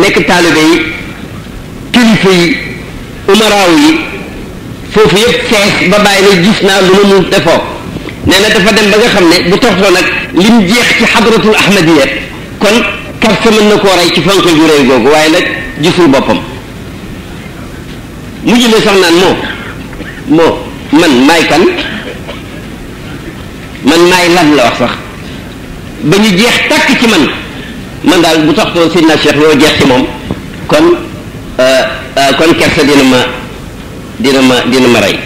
nek taalibe yi kilifa fofu umaraaw yi yëpp fees ba bàyyi ne gis naa lu mu defo neena dafa dem ba nga xamne bu toxtoo nak lim jeex ci xadratul ahmadiya kon kar man nako ray ci fanko ju rew googu waye nak gisul bopam mujj na sax naan mo mo man may kan man may lan la wax sax bañu jeex tak ci man man daal bu toxtoo sidna cheikh loolu jeex ci moom kon euh, euh, kon kersa dina ma dina ma dina ma rey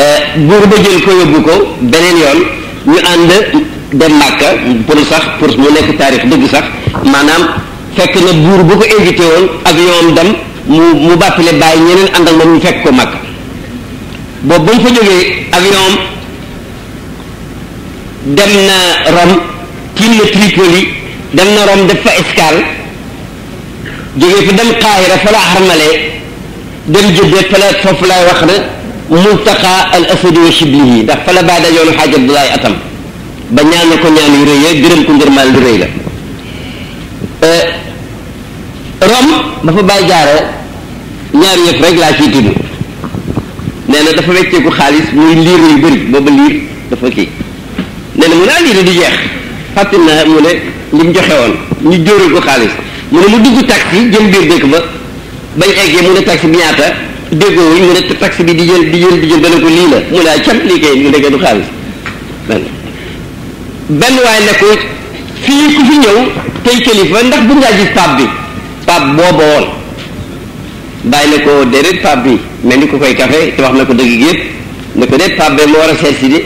euh, buur ba jël ko yóbbu ko beneen yoon ñu ànd dem màkka pour sax pour mu nekk taarix dëgg sax maanaam fekk na buur bu ko invité woon ak ñoom dem mu mu bàppale bàyyi ñeneen ànd moom ñu fekk ko màkka boobu ba mu fa jógee ak ñoom dem na Rome tiim na Tripoli dem na Rome def fa escale jóge fi dem Qaahira fa la armale dem Jidda fa la foofu wax multaqa al asadi wa shiblihi ndax fa la baa dajoon xaaj Abdoulaye atam ba ñaan na ko ñaan yu rëy gërëm ko ngir maal lu rëy la euh, Rome ba ñaar yëpp rek laa ciy tudd nee na dafa wecceeku xaalis muy liir yu bëri liir dafa kii nee na mu ah, naa li mu joxe woon ñu jóoral ko xaalis mu ne mu dugg taxi jël biir dëkk ba bañ eggee mu ne taxi bi ñaata déggoo wuñ mu ne taxi bi di jël di jël di dana ko lii la mu ne ah lii kay ñu déggee du xaalis benn waaye ne ko fii ku fi ñëw tey kilifa ndax bu ngaa gis pap bi pap booba woon bàyyi la ko déedéet pap bi mel ni ko koy kafe te wax na ko dëgg yëpp ne ko déet pap bee ma war a seet si di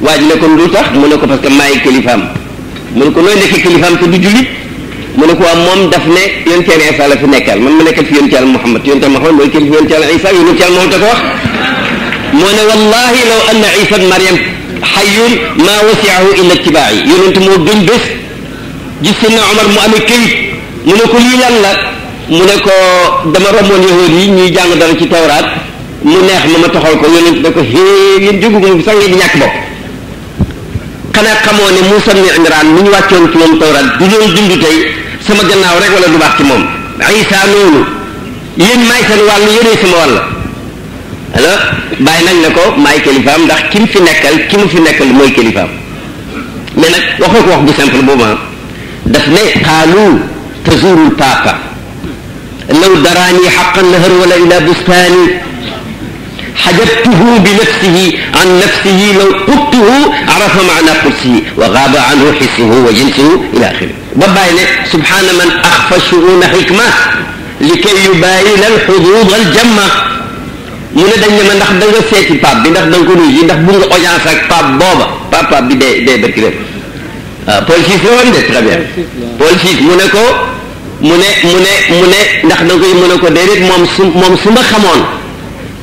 waa ji ne ko lu tax mu ne ko parce que maay kilifaam mu ne ko nooy nekk kilifaam te du jullit mu ne ko waa moom daf ne yonent yàlla Isa la nekkal man ma nekkat fi yonent yàlla Muhammad yonent yàlla Muhammad mooy kilifa yonent yàlla Isa yonent yàlla moom te ko wax moo ne wallahi law anna Isa Maryam xayun ma wasiahu illa ittibaa'i yonent moo gën bés gis Seydina Omar mu amee këyit mu ne ko lii lan la mu ne ko dama romboon yahuud yi ñuy jàng dara ci tawraat mu neex ma ma toxal ko yonent ne ko xé yéen jógu moom sax ngeen di ñàkk xanaa xamoo ne Muusa ibn Imraan mu ñu wàccoon ci moom tawraat du doon dund tey sama gannaaw rek wala du baax ci moom Isaa noonu yéen maay seen wàll yéenay sama wàll alors bàyyi nañ ne ko maay kilifaam ndax ki mu fi nekkal ki mu fi nekkal mooy kilifaam mais nag waxoo ko wax bu simple boobu ah daf ne xaalu tazuurul paapa law daraani xaqan nahar wala ila bustaani حجبته بنفسه عن نفسه لو قدته عرف معنى قدسه وغاب عنه حسه وجنسه إلى آخره بابا سبحان من أخفى الشؤون حكمة لكي يباين الحظوظ الجمة من دنيا من نخدن سيتي باب بنخدن كنوزي نخبون قجانسك باب بابا بابا بدي بي بركلم آه، بول سيس لو عندي تغبيا بول سيس منكو مني مني مني نخدن كي منكو ديريك مم سمخمون سم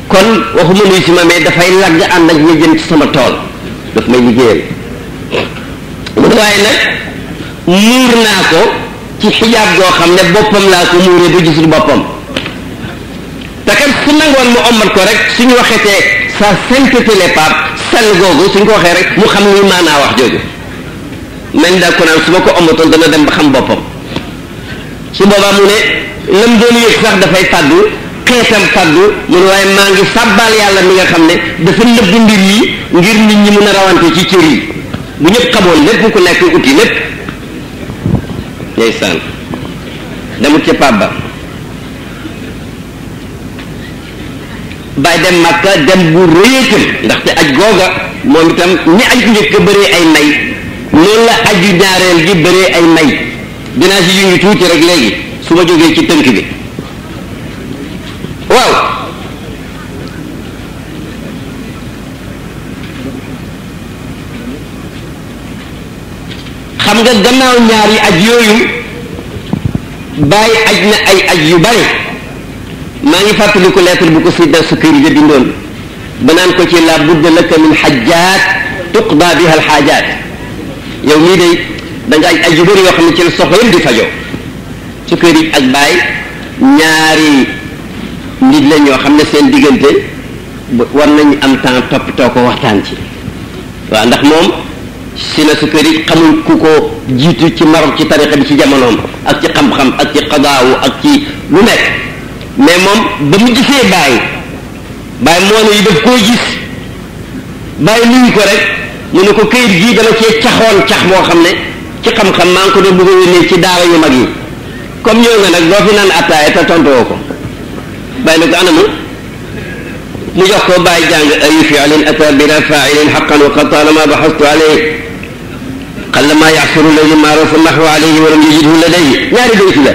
kon waxuma luy si ma mais dafay lagg ànd ak ñu jëm ci sama tool daf may liggéeyal mu ne waaye nag muur naa ko ci xijaab goo xam ne boppam laa ko muuree du gisul boppam te kat su nangoon mu ommat ko rek suñu waxetee sa sainteté les papes googu suñ ko waxee rek mu xam ni maanaa wax jooju mel daal ko naan su ma ko ommatoon dana dem ba xam boppam su boobaa mu ne lam doon yëg sax dafay fàddu xeetam faddu mu ne waaye maa ngi sàbbaal yàlla mi nga xam ne dafa nëbb mbir yi ngir nit ñi mën a rawante ci cër yi bu ñëpp xamoon lépp ku nekk uti lépp ndeysaan demut ca pab ba bàyyi dem màkka dem bu réyéetam ndaxte aj googa moom itam ni aj njëkk bëree ay may noonu la aju ñaareel gi bëree ay may dinaa si yu ngi tuuti rek léegi su ma jógee ci tënk bi waaw xam nga gannaaw ñaari aj yooyu bàyyi aj na ay aj yu bari maa ngi fàttaliku lettre bu ko sidna Sukayri ja bindoon ba naan ko ci la budda laka min xajjaat tuqda biha alxaajaat yow mii day da nga aj aj yu bari yoo xam ci la soxla yëpp di fajoo Sukayri ak bàyyi ñaari nit la ñoo xam ne seen diggante war nañu am temps toppatoo ko waxtaan ci waaw ndax moom si Sina Sukari xamuñ ku ko jiitu ci Maroc ci tariqa bi ci jamono jamonoom ak ci xam-xam ak ci ak ci lu nekk mais moom ba mu gisee bàyyi yi daf koo gis bàyyi nuyu ko rek mu ko këyit gii dama cee caxoon cax moo xam ne ci xam-xam maa ngi ko doon bëgg a yónnee ci daara yu mag yi comme ñëw nga nag doo fi naan attaaya te tontoo ko باي نتعنا من مجاكو باي جانج أي فعل أتى بلا فاعل حقا وقد طالما بحثت عليه قل ما يعثر الذي معروف النحو عليه ولم يجده لديه ناري دو إثلا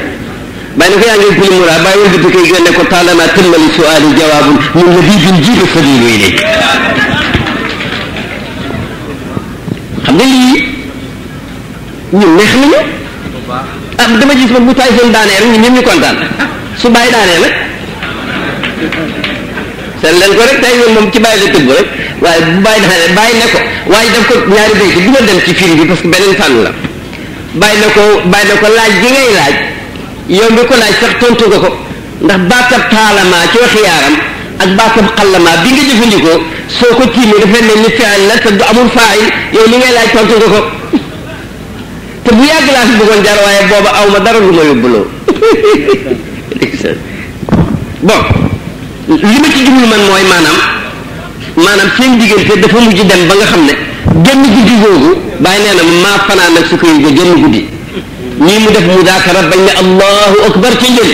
باي نفيا نجل كل مرا باي ولدت كي جانك طالما تم لسؤال جواب من لبيب الجيب السبيل إليك خبلي ñu neex ñu ah dama gis seet ko rek day la waaye bu bàyyi dafa ko waaye daf ko ñaari béy bi dugal dem ci film bi parce que beneen fànn la bàyyi na ko bàyyi na ko laaj gi ngay laaj yow mi ko laaj sax tontu nga ko ndax baatab taalama ci waxi yaaram ak baatab xallama bi nga jëfandikoo soo ko tiimee dafay mel ni faayil la te du amul faayil yow li ngay laaj tontu nga ko te bu yàgg laa fi bëggoon jar waaye booba aw ma dara lu ma yóbbuloo bon li ma ci jublu man mooy maanaam maanaam seen diggante dafa mujj dem ba nga xam ne genn guddi googu ba nee na maa fanaan ak sukkur yi genn guddi ñii mu def mudaakara bañ ne allahu akbar ca njël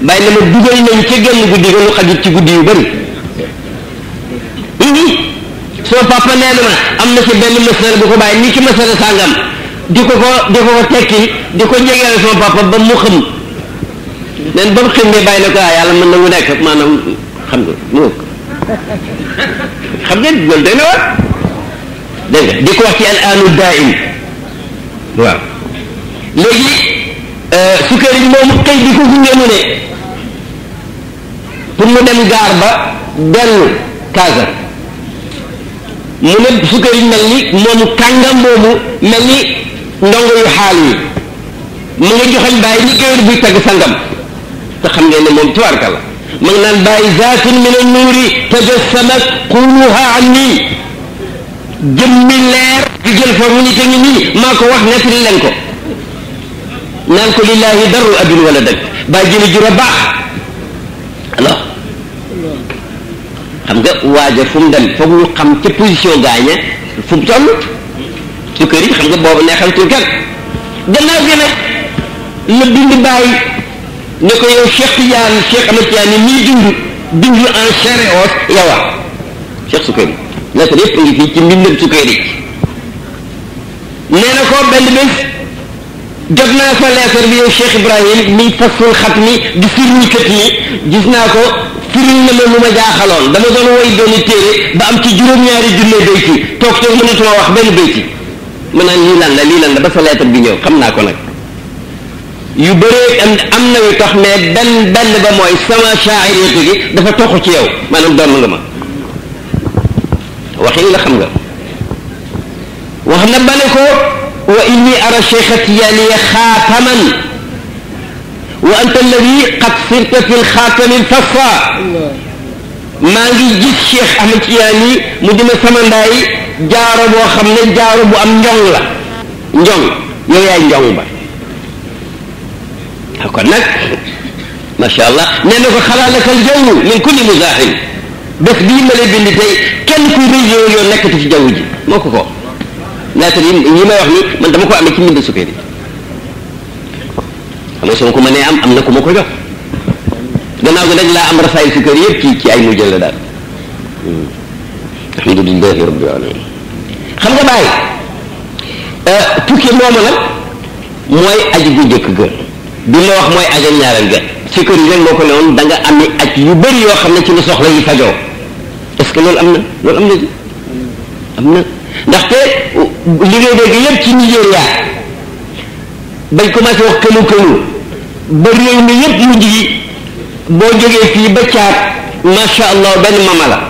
bàyyi ne ma dugal nañ ca genn guddi ga lu xajut ci guddi yu bëri soo papa nee na ma am na ci benn masala bu ko bàyyi ni ci masala sàngam di di ko ko tekki di ko njegeel sama papa ba mu xam neen ba mu ximbee bàyyi na ko ah yàlla mën na mu nekk maanaam xam nga mu xam nga loolu day na war dégg nga di ko wax ci al aanu daaim waaw léegi euh, sukkeer di ko gunge mu ne pour mu dem gaar ba dellu kaasa mu ne sukkeer yi mel ni boobu mel ni ndongo yu xaal yi mu nga joxañ bàyyi ni géwél buy sangam te xam ngeen ne moom tubaarka la ma ngi naan bàyyi zaatin min an nuuri tajassamat quluha an nii jëmmi leer di jël forme ni te ko wax nettali leen ko naan ko lillahi daru abin wala dëgg bàyyi jëli jura baax alors xam nga waaja fu mu dem foog ñu xam ca position gaaña fu mu toll su kër yi xam nga ne ko yow Cheikh Tidiane Cheikh Ahmed Tidiane mii dund dund en chair et os yow a ah. Cheikh Sukayri lettre yëpp ngi fii ci mbindam Sukayri nee na ko benn bés jot naa fa lettre bi yow Cheikh Ibrahim mi fasul xat mi di firni kët mi gis naa ko firil na ma lu ma jaaxaloon dama doon woy benn téere ba am ci juróom-ñaari junne béyti toog toog mënatuma wax benn béyti ma naan lii lan la lii lan la ba sa lettre bi ñëw xam naa ko nag يبرئ أن أمن ويتخم بن بن بما يسمى شاعر يتجي دفع توخو كيو ما نقدر من غمان وحيني لخم غم وهنا بلكو وإني أرى شيختي لي خاتما وأنت الذي قد صرت في الخاتم الفصى ما لي جيت شيخ أحمد يعني مدينة سمن داي جارب وخمنا جارب أم جنلا جنلا يا يا جنبا te kon nag macha allah nee na ko xalaalakal jawwu min kulli muzaaxin bés bii ma lay bind tey kenn kuy région yoo nekkati ci jaww ji moo ko ko laata yi yi may wax ni man dama ko amee ko mënee am am na ku ma ko jox gannaaw gi laa am rasaay si kër yëpp ci ci ay mujjal la nga bàyyi bi la wax mooy ajal ñaaral ga ci kër yi nag moo ko newoon da nga amee aj yu bëri yoo xam ne ci la soxla yi fajoo est ce que loolu am na loolu am na ji am na ndaxte li ngay dégg yépp ci Nigéria bañ commencé wax kënu kënu ba réew mi yépp mu ji boo jógee fii ba caat macha allah benn mama la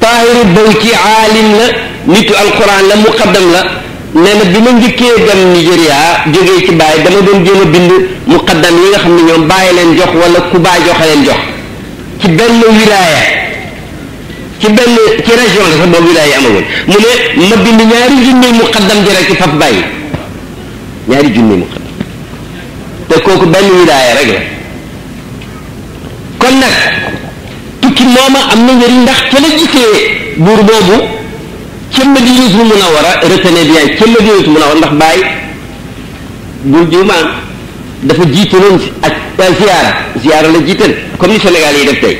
taahiru baw ci aalim la nitu alquran la muqaddam la nee na bi ma njëkkee dem Nigéria jógee ci bàyyi dama doon jéem a bind muqaddam yi nga xam ne ñoom bàyyi leen jox wala ku bàyyi joxe leen jox ci benn wilaya ci benn ci région la sax boobu wilaya yi amagul mu ne ma bind ñaari junni muqaddam ji rek ci fab bàyyi ñaari junni muqaddam te kooku benn wilaya rek la kon nag tukki mooma am na njëriñ ndax fa la gisee buur boobu ca Madinatul Munawwara retenez bien ca Madinatul Munawwara ndax bàyyi bul juumaan dafa jiitaloon ak ziyaara ziyaara la jiital comme ni Sénégal yi def tey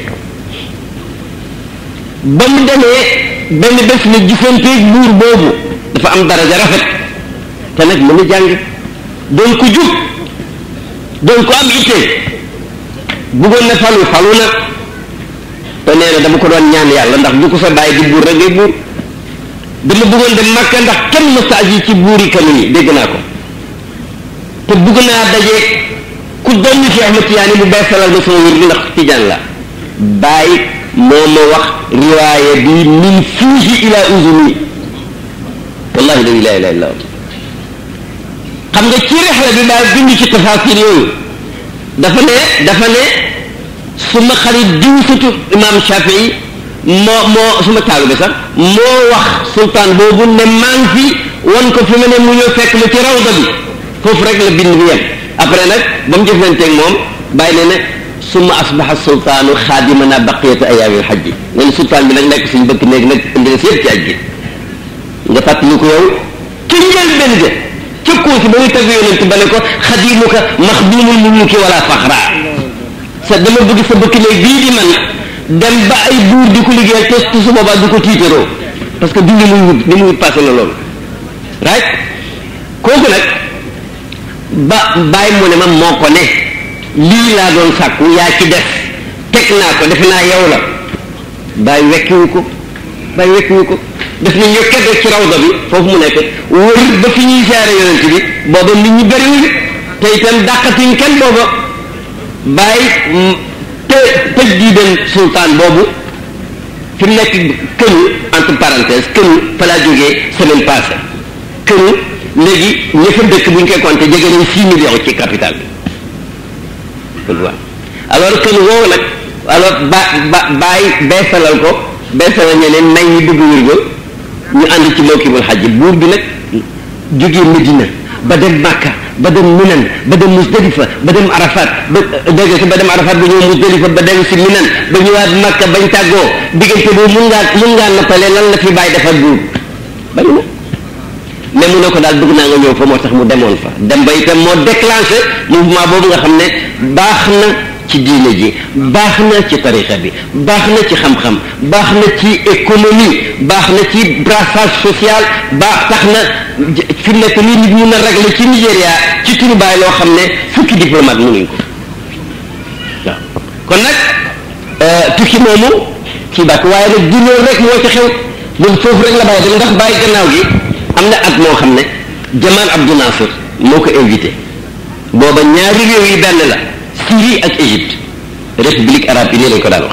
ba mu demee benn bés la gisanteeg buur boobu dafa am daraja rafet te nag mën a jàng doon ko jub doon ko am ittee bëggoon na falu falu na te nee dama ko doon ñaan yàlla ndax du ko fa bàyyi di buur rek ngay buur dama bëggoon dem Makka ndax kenn message yi ci buuri kanu yi dégg naa ko te bëgg naa daje ku doon ci Ahmad Tijaani bu bay salal ma sama wér bi la bàyyi moo ma wax riwaaya bi min fuusi ila usuni wallahi la ilaha illa allah xam nga ci rexla bi daal bind ci tafaasir dafa ne dafa ne suma xarit diw sutu imam Shafii moo bi sax moo wax sultaan boobu ne maa ngi fi wan ko fi mu ne mu ñëw fekk lu ci bi foofu rek la bind bi yem après nag ba mu jëflanteeg moom bàyyi ne ne summa asbaha sultaanu xaadimana baqiyata ayaamil ne sultaan bi nag nekk suñu bëkk néeg nag indi na si yëpp ci aj gi nga fàttali ko yow ci njëlbéen ga ca Kousi ba muy tagg yonent ba ne ko xadimuka maxdumul muluki wala faxra sa dama bëgg sa bëkk néeg bii man dem ba ay buur di ko liggéeyal te su boobaa di ko tiitaroo parce que dund li muy wut li muy wut passé na loolu right kooku nag ba baay mu ne man moo ko ne lii laa doon sàkku yaa ci def teg naa ko defe naa yow la bàyyi wekkiwu ko bàyyi wekkiwu ko def nañ yokket rek ci raw rawda bi foofu mu nekk wër ba fi ñuy jaare yonent bi booba nit ñi bëriwuñ te itam dàqatiñ kenn booba bàyyi tëj di dem sultaan boobu fi mu nekk kënu entre parenthèse kënu fa laa jógee semaine passée kënu léegi ña dëkk buñ ñu koy compter jege nañ six millions ci capital bi alors kënu woowu nag alors ba ba bàyyi beesalal ko beesalal ñeneen may ñi dugg wér ñu ànd ci mawkibul xaj buur bi nag jógee Medina ba dem Makka ba dem minan ba dem musdalifa ba dem arafat ba dégg si ba dem arafat ba ñëw musdalifa ba dem si minan ba ñëwaat makka bañ tàggoo diggante boobu mun ngaa mun ngaa nappalee lan la fi bàyyi dafa guub bañu na ne mu ne ko daal dugg naa nga ñëw fa moo tax mu demoon fa dem ba itam moo déclenché mouvement boobu nga xam ne baax na ci diine ji baax na ci tarixa bi baax na ci xam-xam baax na ci économie baax na ci brassage social baax tax na fi mu nekk nii nit ci Nigéria ci turu baay loo xam ne fukki diplomate mënuñ ko waaw kon nag euh, tukki moomu ci bàkk waaye nag du rek moo ci xew loolu foofu rek la bàyyi dem ndax bàyyi gannaaw gi am na at moo xam ne Jamal Abdou Nasser moo ko invité booba ñaari réew yi benn la Syrie ak Égypte république arabe yi nii lañ ko daan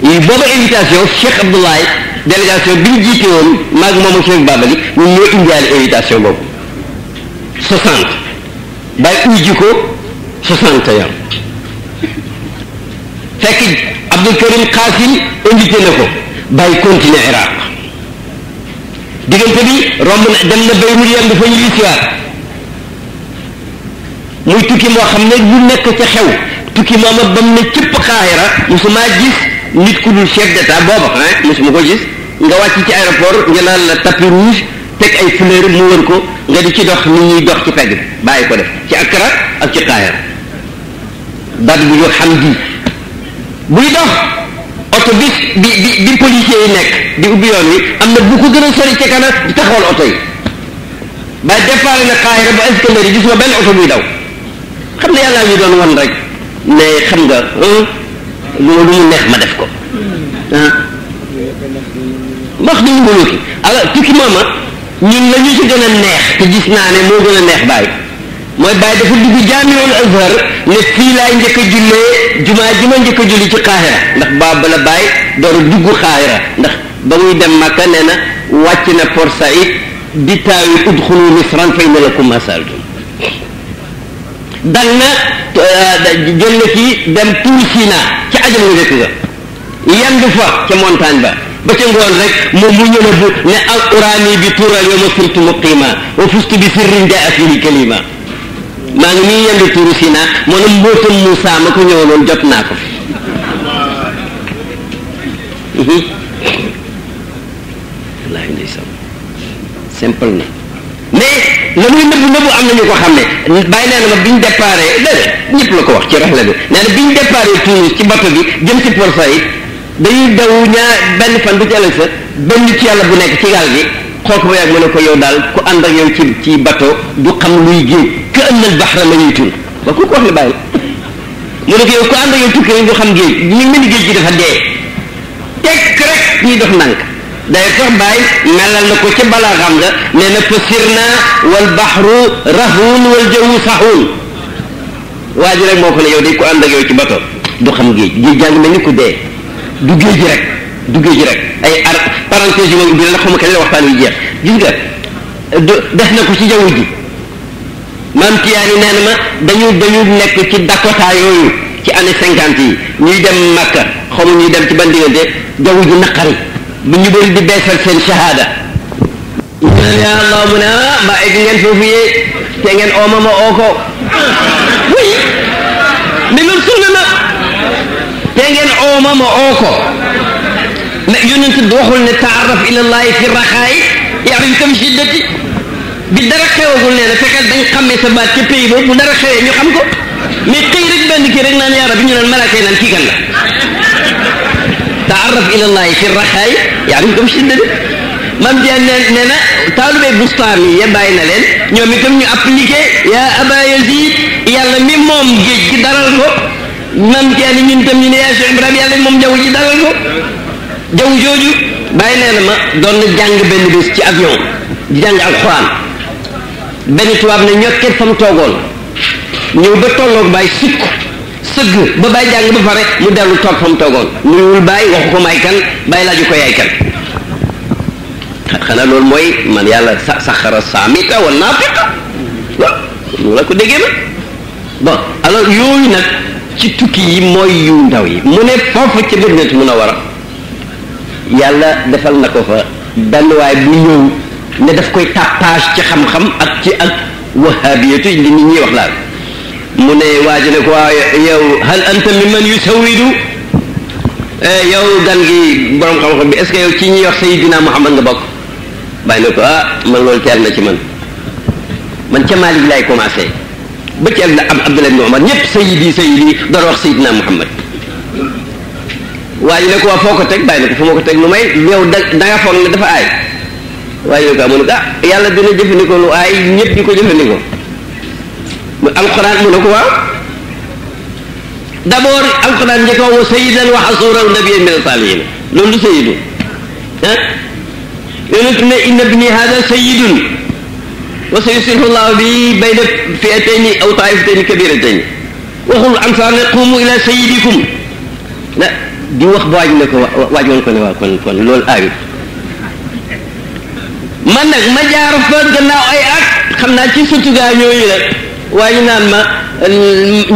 wax booba invitation Cheikh Abdoulaye délégation bi ñu jiite woon maag moom ak Cheikh Babali ñun ñoo indiwaale invitation boobu 60 bàyyi uy ji ko 61 fekk Abdul Karim Qasim invité na ko continent Irak diggante bi romb na dem na Beyrouth yam dafa ñu histoire muy tukki moo xam ne lu nekk ca xew tukki mooma bam ne cëpp xaaxira musuma gis nit ku dul chef d' état booba ah musuma ko gis nga wàcc ci aéroport nga naan la tapis rouge teg ay fleur mu wër ko nga di ci dox ni ñuy dox ci pegg bi bàyyi ko def ci akra ak ci xaaxira bat bu ñu xam di buy dox oto bi bi bi bi policier yi nekk di ubbi yoon wi am na bu ko gën a sori ca kanam di taxawal oto yi ba départ na xaaxira ba escalier yi gisuma benn oto buy daw xam ne yàllaa ñu doon won rek ne xam nga loolu ñu neex ma def ko wax dañu ko yóoki alors tukki mooma ñun la ñu ci gën a neex te gis naa ne moo gën a neex bàyyi mooy bàyyi dafa dugg jaamiwul azhar ne fii laay njëkk a jullee jumaa ji ma njëkk a julli ci xaaxira ndax baab la bàyyi dooru dugg xaaxira ndax ba muy dem màkka nee na wàcc na por saïd di taawi udxulu misran fa inna lakum ma saaltum dal eh, na na ci dem tour sina ci aja mu dëkk ga yand fa ci montagne ba ba ca ngoon rek moom mu ñëna bu ne al qurani bi tural yowma surtu muqima wa fustu bi sirrin jaa fihi kalima maa ngi nii yand tour sina moo ne mbootam moussa ma ko jot naa mhm. ko simple na mais na muy nëbbu nëbbu am nañu ko xam ne bàyyi nee na ma bi ñu déparé déedéet ñëpp la ko wax ci raxla bi nee na bi ñu déparé Tunis ci bato bi jëm ci Port Saïd dañuy daw ñaar benn fan bu ci ëllëg benn ci yàlla bu nekk ci gaal gi xooku ba yàgg mu ne ko yow daal ku ànd ak yow ci ci bato du xam luy géej ka ënnal baxra la ñuy tun ba ku ko wax la bàyyi mu ne ko yow ku ànd ak yow tukki du xam géej ñu mel ni géej gi dafa dee tekk rek ñuy dox nànk day sax bàyyi melal na ko ci balaa xam nga nee na wal baxru rahun wal jawwu sahun waa ji rek moo ko ne yow day ko ànd ak yow ci bato du xam géej géej jàng mel ni ku dee du géej rek du géej rek ay ar parenthèse yu ma ubbi la xamuma kañ la waxtaan yu jeex gis nga def na ku ci jaww ji maam tiyaani nee na ma dañu dañu nekk ci Dakota yooyu ci année cinquante yi ñuy dem Makka xamu ñuy dem ci ban diggante jaww ji naqari من يقول بدي اسال شن شهادة يا الله منا ما اجين فوفي تنين او ماما اوكو وي نمر سلمة تنين او ماما اوكو ما يونين تدوخل نتعرف الى الله في الرخاي يعرفكم شدتي بدرخه وقلنا لك فكان دنج خمي سبات كي بدرخه ني خمكو مي تيرك يا ربي نان ملائكه نان كي taarraf ilallahi fi raxaay yaarifkum si dëgg maam Dia nee na taalube Bustaami ya bàyyi na leen ñoom itam ñu appliqué yaa Aba Yazid yàlla mi moom géej gi daral ko maam Dia ni ñun itam ñu ne yaa Cheikh Ibrahima yàlla moom jaww jooju bàyyi nee na ma doon na jàng benn bés ci avion di jàng alxuraan benn tubaab ne ñokket fa mu toogoon ñëw ba tolloog bàyyi sukk. seug ba bay jang ba faré mu delu tok fam togon ñuul bay waxu ko may kan bay la ju ko yay kan xana lol moy man yalla sakhara samita lah, wal nafiqa lah. lu la ko degena bon alors yoy nak ci tukki yi moy yu ndaw yi mu ne fofu ci bëgnet mu na wara yalla defal nako fa dal way bu ñew ne daf koy tapage ci xam xam ak ci ak wahabiyatu indi ni ñi wax la mu ne waaj ne ko yow hal anta mimman yusawidu eh, yow gan gi borom xam-xam bi est-ce que yow ci ñuy wax Seydina Muhammad nga bokk bàyyi ne ko ah man loolu teel na ci man man ca Maalik laay commencé ba ci ab Abdullah ibn Umar ñëpp sayidi sayidi doon wax Seydina Muhammad waaye ne ko waa foo ko teg bàyyi ne ko fu ma ko teg lu may yow da da nga foog ne dafa aay waaye ne ko ah mu ko ah yàlla dina jëfandikoo lu aay ñëpp ñu ko jëfandikoo. القران من هو دابور القران جاك هو سيدا وحصورا ونبيا من الصالحين لولو سيد ان ابني هذا سيد وسيصلح الله به بين فئتين او طائفتين كبيرتين وهم الانصار قوموا الى سيدكم لا دي واخ بواج نك واج كون كون كون لول اوي من نك ما جار فوق اي اك خمنا سي سوتو غا يوي waaye ñu naan ma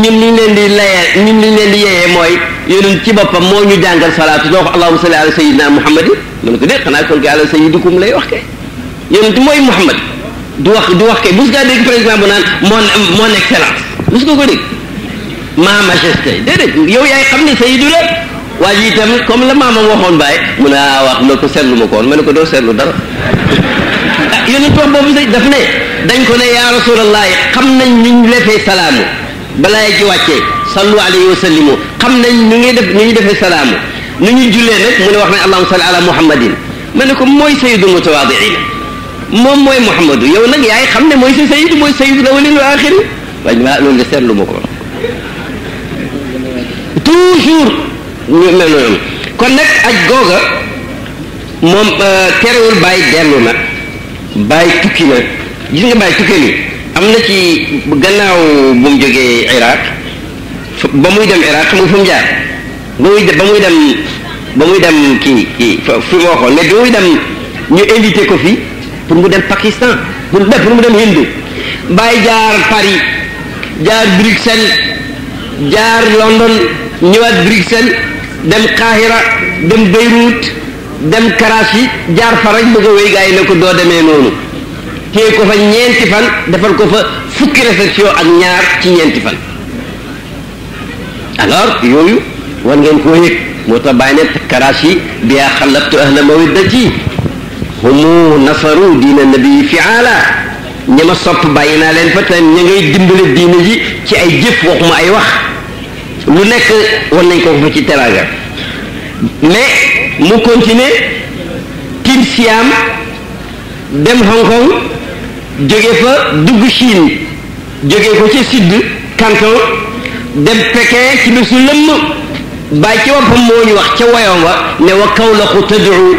ñun li leen di layee ñun li leen di yeyee mooy yonent ci boppam moo ñu jàngal salaatu doo ko allahumma salli ala sayyidina muhammad yi mën ko dee xanaa kon ko ala sayyidikum lay wax kay yonent mooy muhammad wax du wax kay bus gaa dégg président bu naan mon mon excellence ko ko dégg ma majesté déedéet yow yaay xam ne sayyidu la waa ji itam comme la maamam waxoon bàyyi mu ne ah wax na ko seetlu ma ko woon ma ne ko doo seetlu dara ah yonent wax boobu daf ne dañ ko ne yaa rasulallah xam nañ ni ñu defee salaamu balaa ji wàccee sallu alayhi wa sallimu xam nañ ñu ngi def ñu ñu defee salaamu nu ñu jullee nag mu ne wax ne allahumma salli ala muhammadin ma ne ko mooy sayidu mutawaadiin moom mooy muhammadu yow nag yaay xam ne mooy sa sayid mooy sayid la walin wa axiri wañ ma loolu de seetlu ma ko toujours ñu mel noonu kon nag aj googa moom terewul bàyyi dellu na bàyyi tukki na gis nga bàyyi tukkee ni am na ci gannaaw bu mu jógee iraq ba muy dem iraq xam nga fu mu jaar ba muy ba muy dem ba muy dem kii kii fi ma waxoon mais ba muy dem ñu invité ko fi pour mu dem Pakistan pour dem pour mu dem Hindu bàyyi jaar Paris jaar Bruxelles jaar London ñëwaat Bruxelles dem Qahira dem Beyrouth dem Karachi jaar fa rek bëgg a yi ne ko doo demee noonu téye ko fa ñeenti fan defal ko fa fukki réflexion ak ñaar ci ñeenti fan alors yooyu war ngeen koo yëg moo tax bàyyi ne karaas yi biyaa xalabtu ahla mawiddati humu nasaru diina nabii fi aala ñi ma sopp bàyyi naa leen fa te ña ngay dimbale diina ji ci ay jëf waxuma ay wax lu nekk war nañ ko fa ci teraanga mais mu continuer tim siam dem Hong Kong jóge fa dugg Chine jóge ko ca sud Canton dem Pékin ci bisu lëmm bàyyi ci woppam moo ñu wax ca woyoon wa ne wa kawlaxu tadcu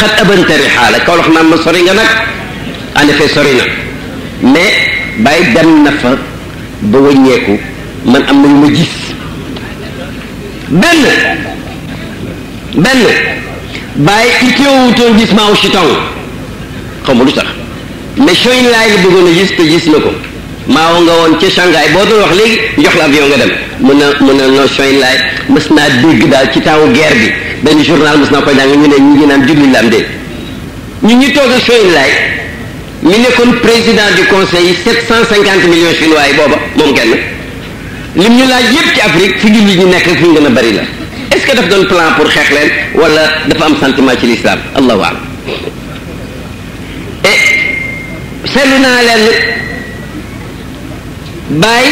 qad abanta rixaala kawlax naan ma sori nga nag en effet sori na mais bàyyi dem na fa ba wàññeeku man am na ñu ma gis benn benn bàyyi itteewutoon gis maaw chitan xamu lu tax ma mission yi laay la bëggoon a gis te gis na ko maawo nga woon ci Shanghai boo doon wax léegi jox la avion nga dem mun na mun na notion yi laay mës naa dégg daal ci taawu guerre bi benn journal mës naa koy jàng ñu ne ñu ngi naan julli lam de ñun ñu toog a Soyin laay mi nekkoon président du conseil 750 millions chinois yi booba moom kenn lim ñu laaj yépp ci Afrique fi julli ñu nekk fi ñu gën a bari la est-ce que daf doon plan pour xeex leen wala dafa am sentiment ci l'islam allahu alam seetlu naa leen baay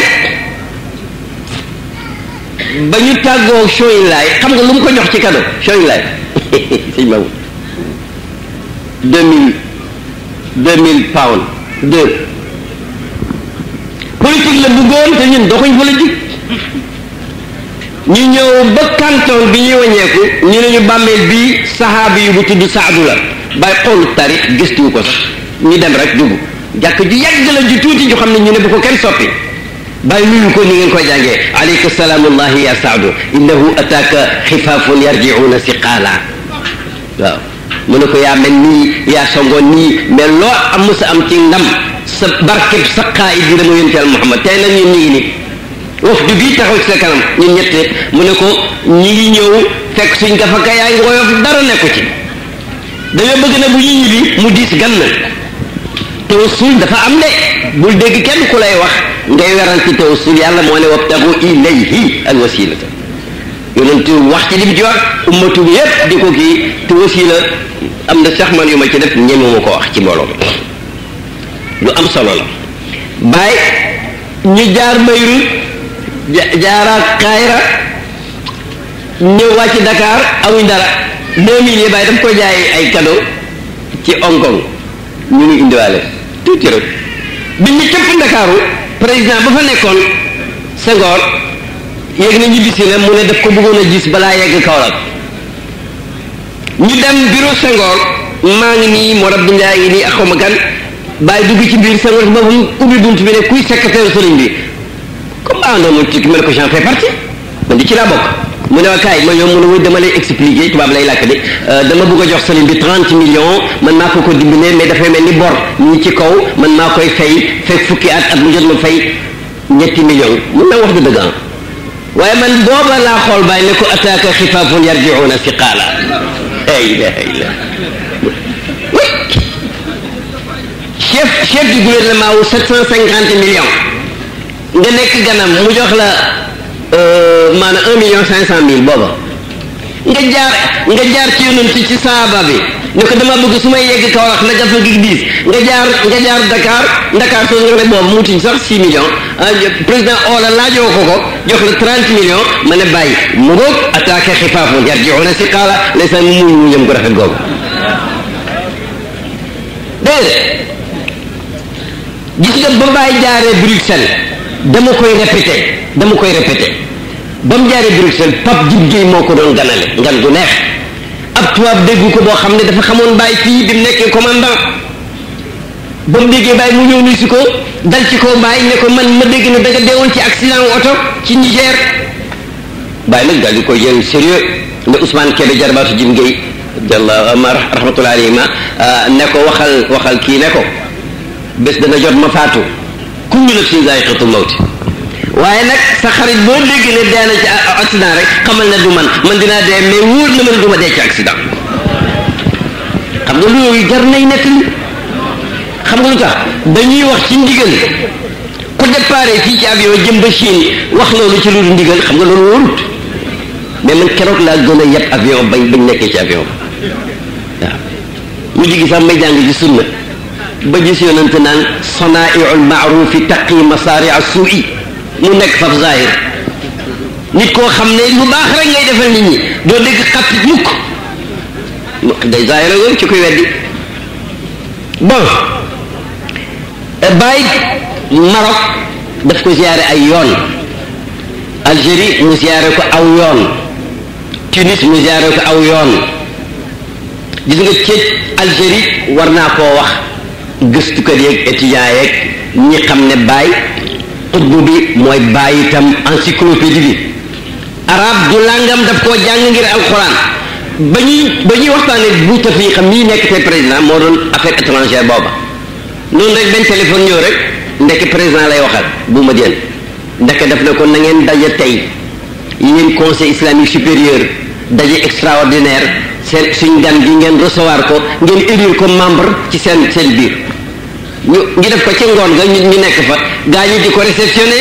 ba ñu tàggoo sooy laay xam nga lu mu ko jox ci kado sooy laay sëñ Mamoud deux mille deux mille pounds deux politique la bëggoon te ñun doxuñ politique ñu ñëw ba canton bi ñuy wàññeeku ñu ne ñu bàmmeel bii saxaabi yu bu tudd saadu la bàyyi xoolu tarix gëstuwu ko sax ñi dem rek dugg jàkk ji yàgg la ju tuuti ñu xam ne ñu ne bu ko kenn soppi bàyyi nuyu ko ni ngeen ko jàngee alayka salaam allahi ya saadu innahu ataaka xifaafun yarjicuuna si qaala waaw ya. mu ne ko yaa mel nii yaa songoon nii mais loo am sa am ci ndam sa barkeb sa xaay di dama yónnee al muhammad tey nag ñun ñii ni wax ju bii taxaw ci sa kanam ñun ñett mu ne ko ñi ngi ñëw fekk suñ dafa ka yaa ngi woyof dara nekku ci dañoo bëgg ne bu ñu ñibi mu diis gan na tawassul dafa am de bul dégg kenn ku lay wax ngay weral ci tawassul yàlla moo ne wabtagu ilayhi al wasilata yonent wax ci lim jox ummatu bi yépp di ko kii te wasila am na sax man yu ma ci def ñemewuma ko wax ci mbooloo mi lu am solo la bàyyi ñu jaar mayru jaaraat Kaayra ñëw wàcc Dakar amuñ dara deux mille yi bàyyi daf ko jaay ay cadeau ci Hong Kong ñu ngi indiwaale tuuti rek bi ñu cëpp ndakaaru président ba fa nekkoon sengor yegg na ñu bisi ne mu ne daf ko bëggoon a gis balaa yegg kawlak ñu dem bureau sengor maa ngi nii mo rab ndaa yi nii akoma gan bàyyi dugg ci biir sengor boobu ñu ubbi bunt bi ne kuy secrétaire sëriñ bi comme ah non ci mel ko j'en fais partie man di ci laa bokk mu ne ma kaay ma yow mu ne ma dama lay expliquer tubaab lay làkk de euh, dama bëgg a jox sëriñ bi 30 millions man maa ko ko dimbalee mais dafay mel ni bor ñu ci kaw man maa koy fay fekk fukki at at mu jot ma fay ñetti millions mun naa wax du dëgg ah. waaye man booba laa xool bàyyi ne ko attaque xifaafun yarjiuna siqaala ay la ay la chef chef du gouvernement wu 750 millions nga nekk ganam mu jox la. Euh, maana un million cinq cent mille booba nga jaar nga jaar ci yonent ci saaba bi ne ko dama bëgg su may yegg Kaolack na gafa gi diis nga jaar nga jaar Dakar Dakar soo nga ne boobu muutuñ sax six million ah, président oola laajoo ko ko jox la trente millions ma ne bàyyi mu ngoog attaqué xifaafu yarjiuna si qaala laysa mu muñ mu jëm ko rafet googu déedéet gis nga ba bàyyi jaaree Bruxelles dama koy répété dama koy répété ba mu jaaree Bruxelles Pape Djibril Guèye moo ko doon ganale ngan gu neex ab tubaab déggu ko boo xam ne dafa xamoon bay fii bi mu nekkee commandant ba mu bay bàyyi mu ñëw nuyu si ko dal ci kaw bàyyi ne ko man ma dégg ne da nga deewoon ci accident oto ci Niger bàyyi nag daal di koy jël sérieux ne Ousmane Kébé jarbaatu Djibril Guèye jalla ma nekko alayhi ah, ne ko waxal waxal kii ne ko bés dana jot ma faatu kullu nafsin zaa'iqatul mawt وينك سخرج بودك اللي دانا أتناري قبل ندمان من دنا دم مور نمر دوما ديك أكسيدا خمسة لو يجر نينتي خمسة لو بني وحشين ديجل كده باري في كابي وجم بشين وخلا لو تشلو ديجل خمسة لو نور بمن كروك لا دونا يب أبي أو بني بني كيش أبي أو مجي كسام ميدان جي سنة بجي سيونان تنان صنائع المعروف تقي مصارع السوئي mu nekk fab zahir nit koo xam ne lu baax rek ngay defal nit ñi doo dégg xat mukk day zahir ak ci koy weddi bon bàyyi Maroc daf ko ziare ay yoon Algérie mu ziare ko aw yoon Tunis mu ziare ko aw yoon gis nga céej Algérie war naa koo wax gëstukat yeeg étudiant yeeg ñi xam ne bàyyi xutbu bi mooy bàyyi itam encyclopédie bi arab du langam daf koo jàng ngir alquran ba ñuy ba ñuy waxtaanee Bouteflika mii nekk te président moo doon affaire étrangère booba noonu rek benn téléphone ñëw rek ndekk président lay waxal bu ma jël ndekk daf ne ko na ngeen daje tey yéen conseil islamique supérieur daje extraordinaire seen suñ gan gi ngeen recevoir ko ngeen élire ko membre ci seen seen biir ñu ngi def ko ci ngoon ga ñu nekk fa gaa ñi di ko réceptionné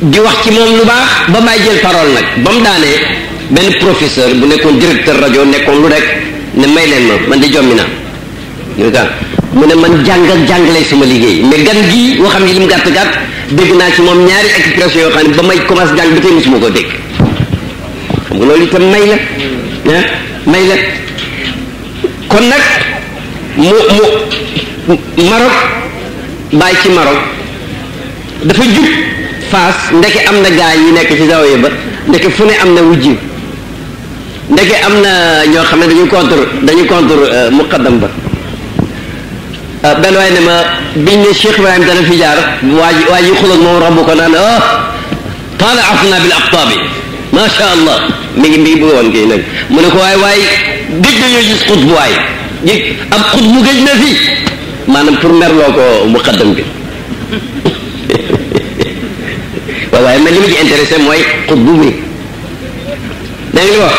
di wax ci moom lu baax ba may jël parole nag ba mu daanee benn professeur bu nekkoon directeur rajo nekkoon lu rek ne may leen ma man di jommi na ñu mu ne man jàng ak jàngale sama liggéey mais gan gii boo xam ne li mu gàtt gàtt dégg naa ci moom ñaari expression yoo xam ne ba may commencé jàng ba tey mosuma ko dégg xam nga loolu itam may la ah may la kon nag mu mu. Maroc bay ci Maroc dafa juk fas ndeke amna gaay yi nek ci zawiya ba ndeke fune amna am wujji ndeke amna ño xamne xam dañu contre dañu contre muqaddam ba benn waay ne ma biñ ne Cheikh Ibrahim dara fi jaar waji waji waa ji xulóog moom ko nan ah tala afna bil aqtab ma sha Allah mi ngi mi ngi bëgg nak mu ne ko way way gëj nañoo gis xutbu waay am khutbu gëj na fi maanaam pour merloo ko muqaddam bi waaw waaye li ma ci intéressé mooy xutbu bi dégg nga wax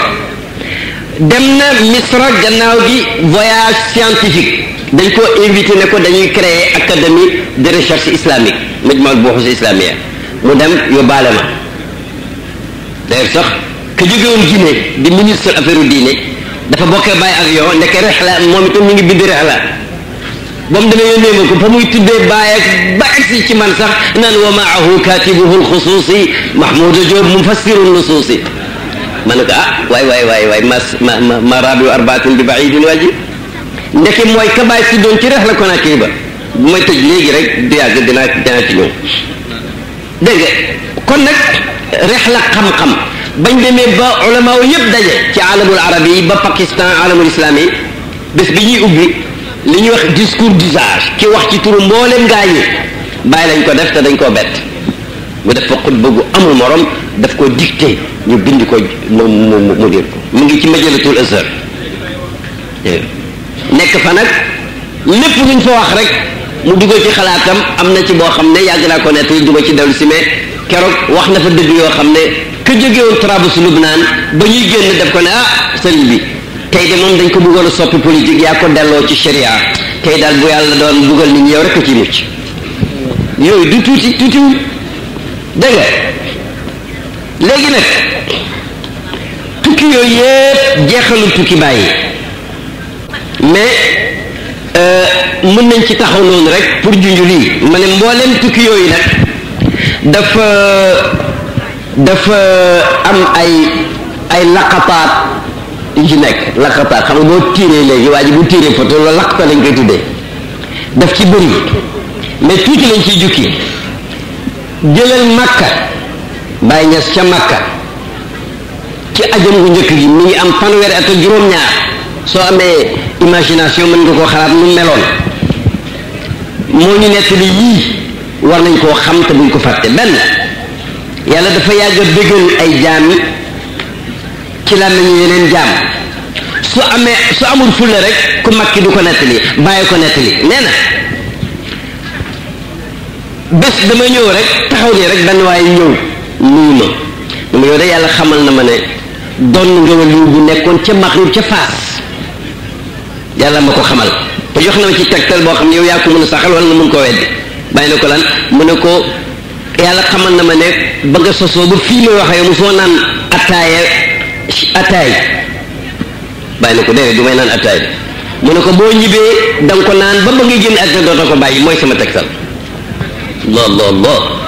dem na Misra gannaaw gi voyage scientifique dañ ko invité ne ko dañuy créer académie de recherche islamique majmaal buxuus islamia mu dem yóbbaale ma d'ailleurs sax ke jóge woon Guinée di ministre affaire u diine dafa bokkee bay avion nekk rexla moom itam ñu ngi bind rexla بام دا ليه ليه مكو فمو يتبه بايك باكسي كي منسخ نان ومعه كاتبه الخصوصي محمود جوب مفسر النصوصي منك اه واي واي واي واي ما ما ما, ما رابي اربعات ببعيد واجب لكن موي كباي سي دون تيرخ لا كونا كيبا موي تج ليغي رك دياغ دينا دينا تي نيو دغ كون نك رحله قم قم بان ديمي با علماء ييب داجي تي عالم العربي با باكستان عالم الاسلامي بس بيجي اوبي li ñuy wax discours d'usage ki wax ci turu mboolem gaa yi bàyyi lañ ko def te dañ koo bett mu def fa xutba gu amul morom daf ko dicté ñu bind ko mu mu mu dir ko mu ngi ci majalatul azhar nekk fa nag lépp luñ fa wax rek mu dugal ci xalaatam am na ci boo xam ne yàgg naa ko nettali duma ci dellu si mais keroog wax na fa dëgg yoo xam ne ka jógewoon trabu su lubnaan ba ñuy génn def ko ne ah sëriñ bi tey de moom dañ ko bëggoon a soppi politique yaa ko delloo ci sharia tey daal bu yàlla doon bëggal nit ñi yow rek a ciy mucc yooyu du tuuti tuutiwul dégg nga léegi nag tukki yooyu yépp jeexalul tukki bàyyi mais euh, mën nañ ci taxaw noonu rek pour junju lii ma ne mbooleem tukki yooyu nag dafa dafa am ay ay laqataat yu ci nekk laqataar xam nga boo tiiree léegi waa ji bu tiiree photo loolu laqata lañ koy tuddee daf ci bëri mais tuuti lañ ciy jukki jëlal makka bàyyi ñes ca makka ci ajam gu njëkk gi mu ngi am fanweeri at ak juróom-ñaar soo amee imagination mën nga koo xalaat mu meloon moo ñu nekk li yii war nañ koo xam te buñ ko fàtte benn yàlla dafa yàgg a ay jaam yi ci làmmiñu yeneen jaam su amee su amul fulla rek ku mag ki du ko nettali bàyyi ko nettali nee na bés dama ñëw rek taxaw nii rek benn waaye ñëw nuyu ma dama de yàlla xamal na ma ne doon ngawal liw bu nekkoon ca Maghrib ca Faas yàlla ma ko xamal te jox na ci tegtal boo yow yaa ko mën a saxal wala nga mën koo weddi bàyyi na ko lan mu ne ko yàlla xamal na ma ne ba nga sosoo ba fii may waxee yow mu soo naan attaaye attaay bàyyi na ko déedéet du may naan attaay mu ne ko boo ñibbee da nga ko naan ba ba ngay génn àddina dootoo ko bàyyi mooy sama tegtal lool lool lool